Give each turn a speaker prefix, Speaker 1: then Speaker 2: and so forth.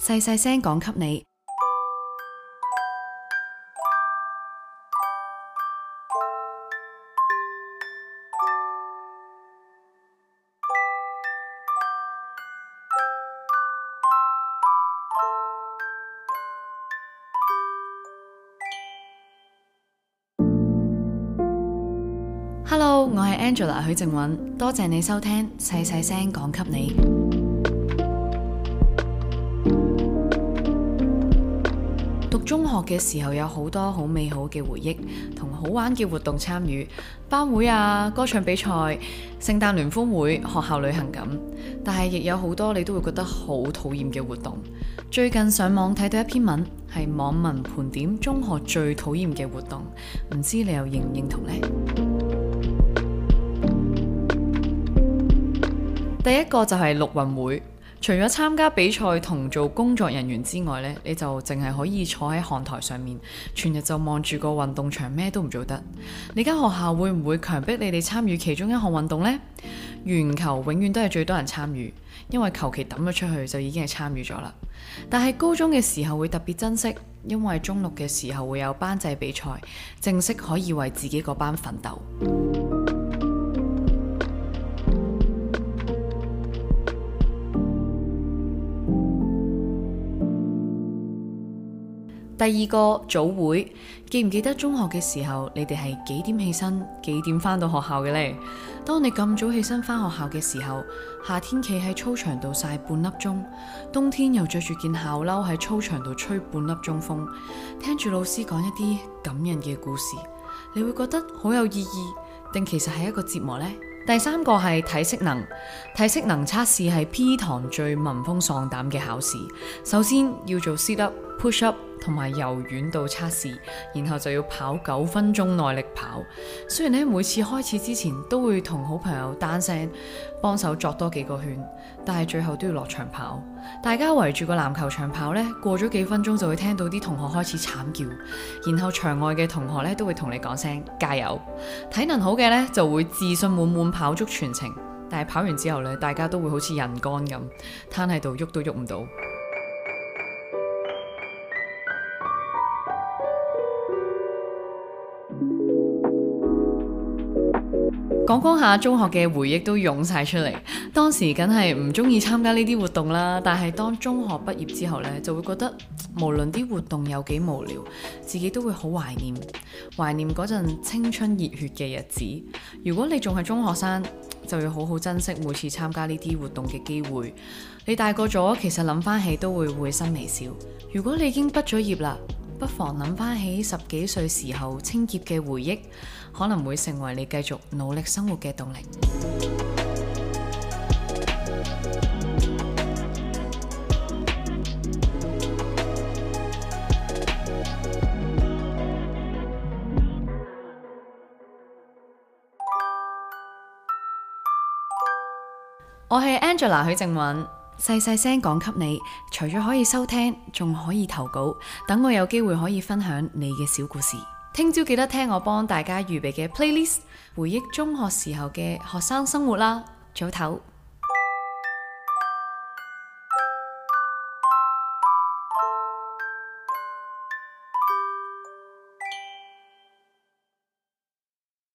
Speaker 1: 細細聲講給你。Hello，我係 Angela 許靜韻，多謝你收聽細細聲講給你。讀中學嘅時候有好多好美好嘅回憶同好玩嘅活動，參與班會啊、歌唱比賽、聖誕聯歡會、學校旅行咁，但係亦有好多你都會覺得好討厭嘅活動。最近上網睇到一篇文，係網民盤點中學最討厭嘅活動，唔知你又認唔認同呢？第一個就係陸運會。除咗參加比賽同做工作人員之外呢，你就淨係可以坐喺看台上面，全日就望住個運動場，咩都唔做得。你間學校會唔會強迫你哋參與其中一項運動呢？鉛球永遠都係最多人參與，因為求其抌咗出去就已經係參與咗啦。但係高中嘅時候會特別珍惜，因為中六嘅時候會有班際比賽，正式可以為自己嗰班奮鬥。第二個早會，記唔記得中學嘅時候，你哋係幾點起身，幾點翻到學校嘅呢？當你咁早起身翻學校嘅時候，夏天企喺操場度曬半粒鐘，冬天又着住件校褸喺操場度吹半粒鐘風，聽住老師講一啲感人嘅故事，你會覺得好有意義，定其實係一個折磨呢？第三個係體適能，體適能測試係 PE 堂最聞風喪膽嘅考試。首先要做 sit up、push up。同埋柔軟度測試，然後就要跑九分鐘耐力跑。雖然咧每次開始之前都會同好朋友單聲幫手作多幾個圈，但係最後都要落場跑。大家圍住個籃球場跑咧，過咗幾分鐘就會聽到啲同學開始慘叫，然後場外嘅同學咧都會同你講聲加油。體能好嘅咧就會自信滿滿跑足全程，但係跑完之後咧，大家都會好似人乾咁攤喺度，喐都喐唔到。講講下中學嘅回憶都湧晒出嚟，當時梗係唔中意參加呢啲活動啦，但係當中學畢業之後呢，就會覺得無論啲活動有幾無聊，自己都會好懷念，懷念嗰陣青春熱血嘅日子。如果你仲係中學生，就要好好珍惜每次參加呢啲活動嘅機會。你大個咗，其實諗翻起都會會心微笑。如果你已經畢咗業啦。不妨諗翻起十幾歲時候清潔嘅回憶，可能會成為你繼續努力生活嘅動力。我係 Angela 許正允。細細聲講給你，除咗可以收聽，仲可以投稿，等我有機會可以分享你嘅小故事。聽朝記得聽我幫大家預備嘅 playlist，回憶中學時候嘅學生生活啦。早唞。